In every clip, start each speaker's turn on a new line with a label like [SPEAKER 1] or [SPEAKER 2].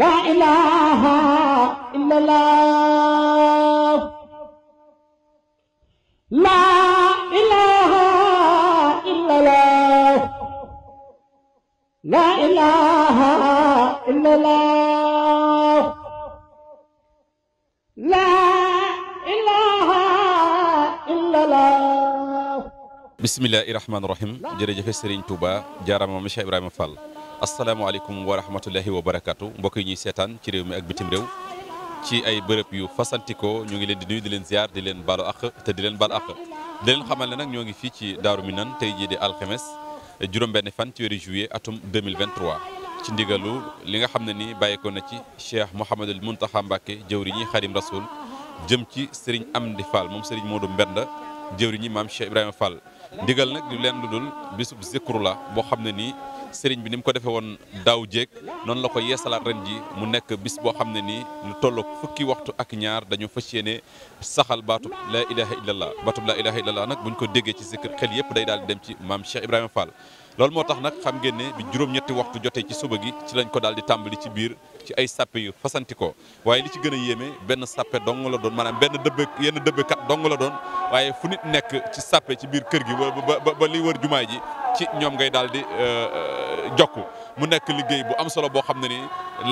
[SPEAKER 1] laa ilaaha illallaah laa ilaaha illallaah laa ilaaha illallaah laa ilaaha illallaah
[SPEAKER 2] bismillaahi rahmaani rahiim jërëjëf Serigne Touba jaaraama Cheikh Ibrahima Fall asalaamaaleykum wa rahmatullahi wa barakatu mbokk yi ñuy seetaan ci réew mi ak bitim réew ci ay bërëb yu fasantikoo ñu ngi leen di nuyu di leen ziar di leen baalu ak te di leen baal àq di leen xamal ne nag ñoo ngi fii ci Daaru Minaan te jii di alxemes juróom-benn fan ci weeru juillet atum 2023 ci ndigalu li nga xam ne ni bàyyeekoo na ci Cheikh Mouhamadul Mountakha Mbacké jëwriñi Xadim Rasoul jëm ci am di Fall moom Serigne Modou Mbenda jëwriñi maam Cheikh Ibrahima Fall ndigal nag leen lu dul bisub zikru boo xam ne nii sëriñ bi ni mu ko defee woon daaw jéeg noonu la ko yeesalaat ren ji mu nekk bis boo xam ne nii lu tollook fukki waxtu ak ñaar dañu fas yéene saxal baatub laa ilaha illallah baatub laa ilaha illallah nag buñ ko déggee ci zikr xel yëpp day daal di dem ci maam Cheikh Ibrahima Fall loolu moo tax nag xam ngeen ne bi juróom-ñetti waxtu jotee ci suba gi ci lañ ko daal di tàmbali ci biir ci ay sappe yu fasanti ko waaye li ci gën a yéeme benn sappe dong la doon maanaam benn dëbbe yenn dëbbekat dong la doon waaye fu nit nekk ci sappe ci biir kër gi ba ba li wër jumaa ji ci ñoom ngay daal di euh, euh, jokku mu nekk liggéey bu am solo boo xam ne ni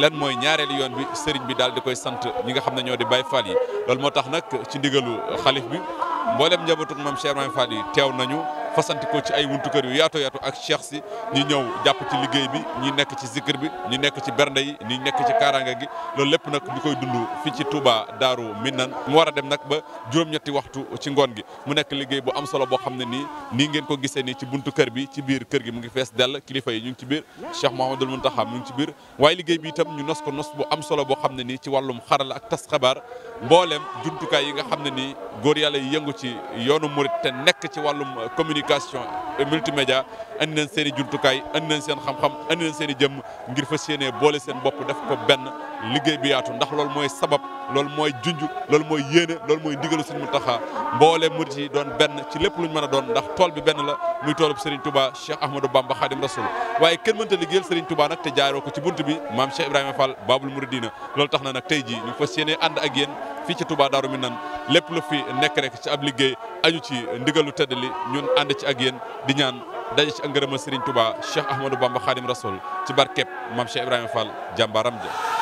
[SPEAKER 2] lan mooy ñaareelu yoon bi sëriñ bi daal di koy sant ñi nga xam ne ñoo di Baye Fall yi loolu moo tax nag ci ndigalu xalif bi mboolem njabootu moom Cheikh Ibrahima Fall yi teew nañu fasanti ci ay wuntu kër yu yaato yaato ak cheikh si ñi ñëw jàpp ci liggéey bi ñi nekk ci zikr bi ñi nekk ci bernde yi ñi nekk ci kaaraanga gi loolu lépp nag ñu koy dund fii ci Touba Daaru Minnan mu war a dem nag ba juróom-ñetti waxtu ci ngoon gi mu nekk liggéey bu am solo boo xam ne ni nii ngeen ko gisee ni ci buntu kër bi ci biir kër gi mu ngi fees dell kilifa yi ñu ngi ci biir Cheikh Mouhamadoul Mountakha mu ngi ci biir waaye liggéey bi itam nos ko nos bu am solo boo xam ne nii ci wàllum xaral ak tas xabaar mbooleem jumtukaay yi nga xam ne nii góor yàlla yi yëngu ci yoonu murit te nekk ci wàllum communication multimédia andi nañ seen i jumtukaay andi nañ seen xam-xam andi nañ seen i jëmm ngir fas yéenee boole seen bopp def ko benn liggéey bi yaatu ndax loolu mooy sabab loolu mooy junj loolu mooy yéene loolu mooy ndigalu Sëriñ taxa mboole murit yi doon benn ci lépp lu ñu mën a doon ndax tool bi benn la muy toolub Serigne Touba Cheikh Ahmadou ba Khadim Rasoul waaye kenn mënta liggéeyal Serigne Touba nag te jaaroo ci buntu bi maam Cheikh Ibrahima Fall Babul Mouridina loolu tax na nag tey jii ñu fas ànd ak yéen fii ci Touba Darou Minane lépp lu fi nekk rek ci ab liggéey aju ci ndigalu tëdd li ñun ànd ci ak yéen di ñaan daje ci ngërëmal Serigne Touba Cheikh Ahmadou Bamba Khadim Rasoul ci barkeb Mame Cheikh Ibrahima Fall jàmbaaram ja